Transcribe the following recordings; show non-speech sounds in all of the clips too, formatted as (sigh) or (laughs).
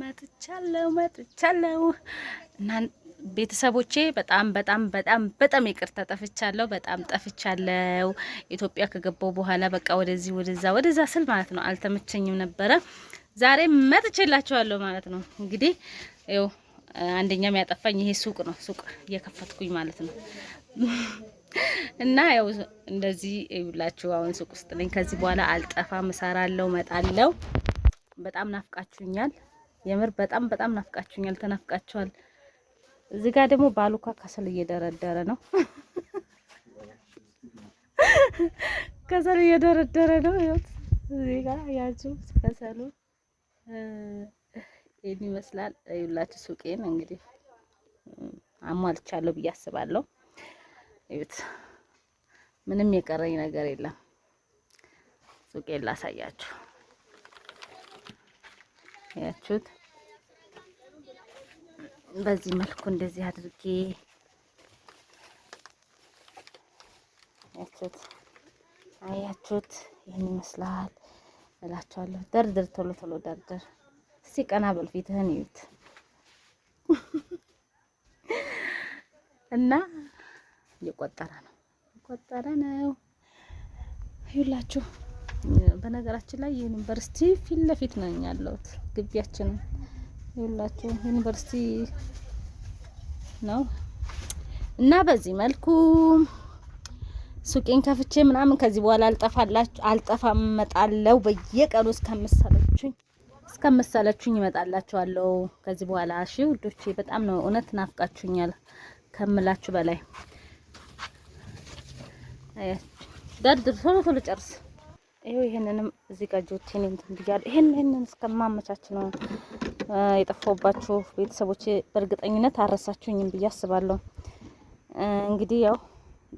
መጥቻለሁ መጥቻለሁ እና ቤተሰቦቼ በጣም በጣም በጣም በጣም ይቅርታ ጠፍቻለሁ። በጣም ጠፍቻለሁ። ኢትዮጵያ ከገባው በኋላ በቃ ወደዚህ ወደዛ ወደዛ ስል ማለት ነው አልተመቸኝም ነበረ። ዛሬ መጥቼላችኋለሁ ማለት ነው። እንግዲህ ይኸው አንደኛም ያጠፋኝ ይሄ ሱቅ ነው። ሱቅ እየከፈትኩኝ ማለት ነው እና ያው እንደዚህ ይብላችሁ። አሁን ሱቅ ውስጥ ነኝ። ከዚህ በኋላ አልጠፋም፣ እሰራለሁ፣ እመጣለሁ። በጣም ናፍቃችሁኛል። የምር በጣም በጣም ናፍቃችሁኛል፣ ተናፍቃችኋል። እዚህ ጋር ደግሞ ባሉካ ከሰል እየደረደረ ነው፣ (laughs) ከሰል እየደረደረ ነው። ይኸውት እዚህ ጋር ያዙ ከሰሉ ይህን ይመስላል። ይኸውላችሁ ሱቄን እንግዲህ አሟልቻለሁ ብዬ አስባለሁ። ይኸውት ምንም የቀረኝ ነገር የለም። ሱቄን ላሳያችሁ ያችሁት በዚህ መልኩ እንደዚህ አድርጌ ያችሁት አያችሁት፣ ይህን ይመስላል እላችኋለሁ። ደርድር፣ ቶሎ ቶሎ ደርድር። እስቲ ቀና በል ፊትህን እዩት እና እየቆጠረ ነው እየቆጠረ ነው። ይኸውላችሁ በነገራችን ላይ ዩኒቨርሲቲ ፊት ለፊት ነኝ ያለሁት ግቢያችንን ይላችሁ ዩኒቨርሲቲ ነው እና በዚህ መልኩ ሱቄን ከፍቼ ምናምን ከዚህ በኋላ አልጠፋላችሁ አልጠፋም፣ እመጣለሁ በየቀኑ እስከምሰለችኝ እስከምሰለችኝ እመጣላችኋለሁ ከዚህ በኋላ። እሺ ውዶቼ፣ በጣም ነው እውነት ናፍቃችሁኛል ከምላችሁ በላይ። ደርድር፣ ቶሎ ቶሎ ጨርስ። ይሄው ይሄንንም እዚህ ጋር ጆቴን እንትን ብያለሁ። ይሄን ይሄንን እስከማመቻች ነው የጠፋሁባችሁ ቤተሰቦች በእርግጠኝነት አረሳችሁኝም ብዬ አስባለሁ። እንግዲህ ያው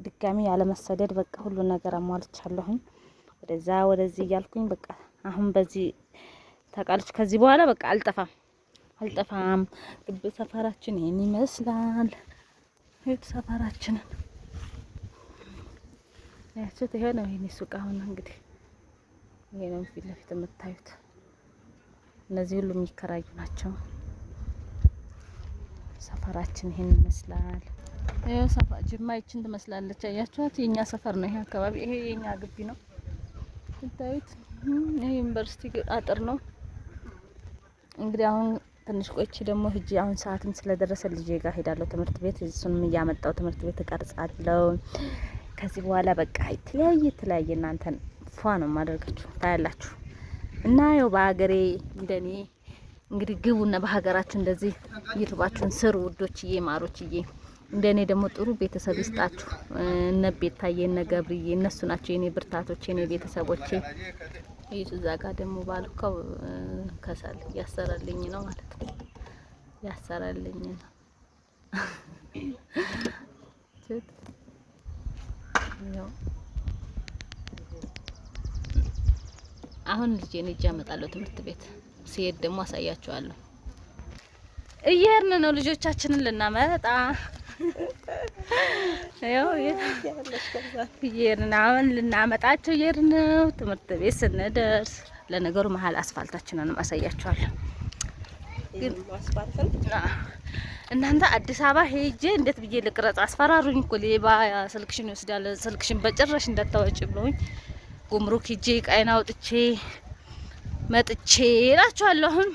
ድጋሚ ያለመሰደድ በቃ ሁሉ ነገር አሟልቻለሁኝ። ወደዛ ወደዚህ እያልኩኝ በቃ አሁን በዚህ ታውቃለች። ከዚህ በኋላ በቃ አልጠፋም አልጠፋም። ግብ ሰፈራችን ይህን ይመስላል። ይህ ሰፈራችንን ያችሁት ይሄ ነው። ይህን ሱቅ አሁን እንግዲህ ይሄ ነው ፊት ለፊት የምታዩት እነዚህ ሁሉ የሚከራዩ ናቸው። ሰፈራችን ይሄን ይመስላል። ሰፈር ጅማ ይችን ትመስላለች። አያችኋት? የኛ ሰፈር ነው ይሄ አካባቢ። ይሄ የኛ ግቢ ነው ስታዩት። ይሄ ዩኒቨርሲቲ አጥር ነው። እንግዲህ አሁን ትንሽ ቆይቼ ደግሞ ህጂ አሁን ሰዓትም ስለደረሰ ልጄ ጋር ሄዳለሁ ትምህርት ቤት። እሱንም እያመጣው ትምህርት ቤት እቀርጻለሁ። ከዚህ በኋላ በቃ የተለያየ የተለያየ እናንተን ፏ ነው ማደርጋችሁ ታያላችሁ። እና ያው በሀገሬ እንደኔ እንግዲህ ግቡና በሀገራችሁ እንደዚህ ስር ስሩ ውዶችዬ፣ ማሮችዬ። እንደኔ ደግሞ ጥሩ ቤተሰብ ይስጣችሁ። እነ ቤታዬ፣ እነ ገብርዬ እነሱ ናቸው የኔ ብርታቶች፣ የኔ ቤተሰቦቼ። እዩት፣ እዛ ጋ ደግሞ ባልካው ከሰል ያሰራልኝ ነው ማለት ነው፣ ያሰራልኝ ነው። አሁን ልጄን ይዤ እመጣለሁ ትምህርት ቤት። ሲሄድ ደግሞ አሳያችኋለሁ። እየሄድን ነው ልጆቻችንን ልናመጣ ያው እየሄድን አሁን ልናመጣቸው እየሄድን ነው። ትምህርት ቤት ስንደርስ ለነገሩ መሀል አስፋልታችንን አሳያችኋለሁ። ግን እናንተ አዲስ አበባ ሄጄ እንዴት ብዬ ልቅረጽ? አስፈራሩኝ እኮ ሌባ ስልክሽን ይወስዳል፣ ስልክሽን በጭራሽ እንዳታወጪ ብለውኝ ጉምሩክ ሂጄ ቃይና አውጥቼ መጥቼ እላችኋለሁ። አሁን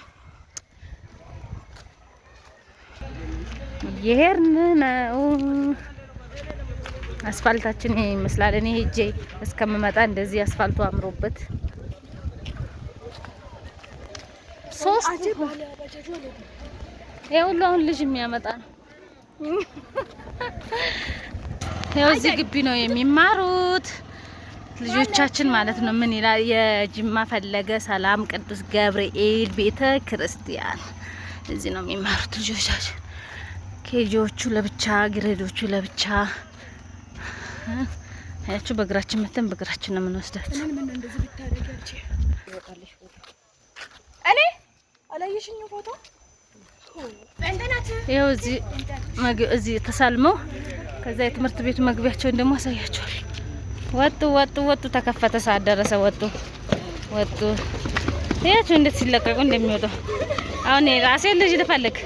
የሄርን ነው። አስፋልታችን ይመስላል። እኔ ሄጄ እስከምመጣ እንደዚህ አስፋልቱ አምሮበት ሶስት የሁሉ አሁን ልጅ የሚያመጣ ነው። ያው እዚህ ግቢ ነው የሚማሩት። ልጆቻችን ማለት ነው። ምን ይላል? የጅማ ፈለገ ሰላም ቅዱስ ገብርኤል ቤተ ክርስቲያን እዚህ ነው የሚማሩት ልጆቻችን። ኬጂዎቹ ለብቻ፣ ግሬዶቹ ለብቻ አያችሁ። በእግራችን መተን በእግራችን ነው የምንወስዳቸው። እኔ አላየሽኝ ፎቶ ይኸው እዚህ ተሳልመው ከዛ የትምህርት ቤቱ መግቢያቸውን ደግሞ አሳያቸዋል። ወጡ ወጡ ወጡ ተከፈተ። ሰዓት ደረሰ። ወጡ ወጡ። ያችሁ እንዴት ሲለቀቁ እንደሚወጡ አሁን ራሴ ልጅ ልፈልግ